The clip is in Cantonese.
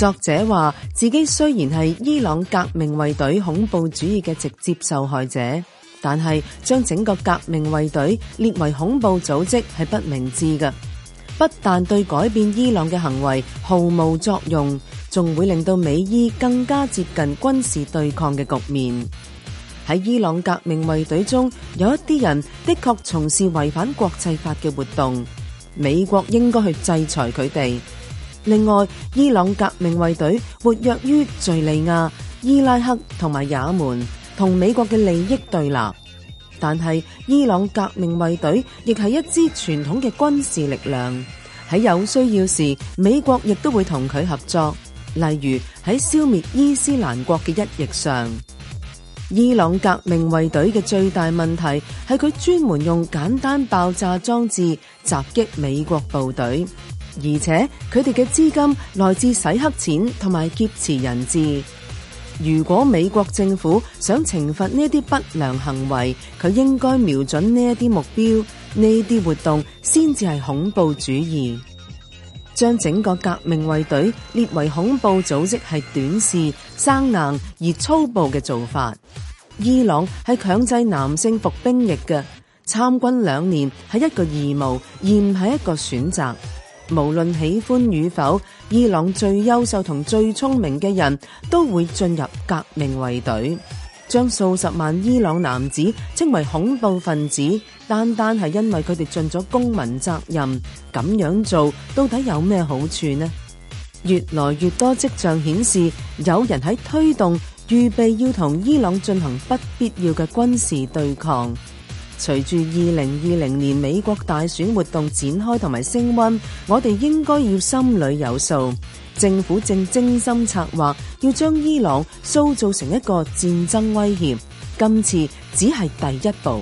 作者話：自己雖然係伊朗革命衛隊恐怖主義嘅直接受害者，但係將整個革命衛隊列為恐怖組織係不明智嘅。不但對改變伊朗嘅行為毫無作用，仲會令到美伊更加接近軍事對抗嘅局面。喺伊朗革命衛隊中，有一啲人的確從事違反國際法嘅活動，美國應該去制裁佢哋。另外，伊朗革命衛隊活躍於敘利亞、伊拉克同埋也門，同美國嘅利益對立。但係，伊朗革命衛隊亦係一支傳統嘅軍事力量，喺有需要時，美國亦都會同佢合作，例如喺消滅伊斯蘭國嘅一役上。伊朗革命衛隊嘅最大問題係佢專門用簡單爆炸裝置襲擊美國部隊。而且佢哋嘅資金來自洗黑錢同埋劫持人質。如果美國政府想懲罰呢啲不良行為，佢應該瞄準呢一啲目標，呢啲活動先至係恐怖主義。將整個革命衛隊列為恐怖組織係短視、生硬而粗暴嘅做法。伊朗係強制男性服兵役嘅，參軍兩年係一個義務，而唔係一個選擇。無論喜歡與否，伊朗最優秀同最聰明嘅人都會進入革命衛隊，將數十萬伊朗男子稱為恐怖分子，單單係因為佢哋盡咗公民責任。咁樣做到底有咩好處呢？越來越多跡象顯示，有人喺推動預備要同伊朗進行不必要嘅軍事對抗。隨住二零二零年美國大選活動展開同埋升溫，我哋應該要心裏有數。政府正精心策劃，要將伊朗塑造成一個戰爭威脅。今次只係第一步。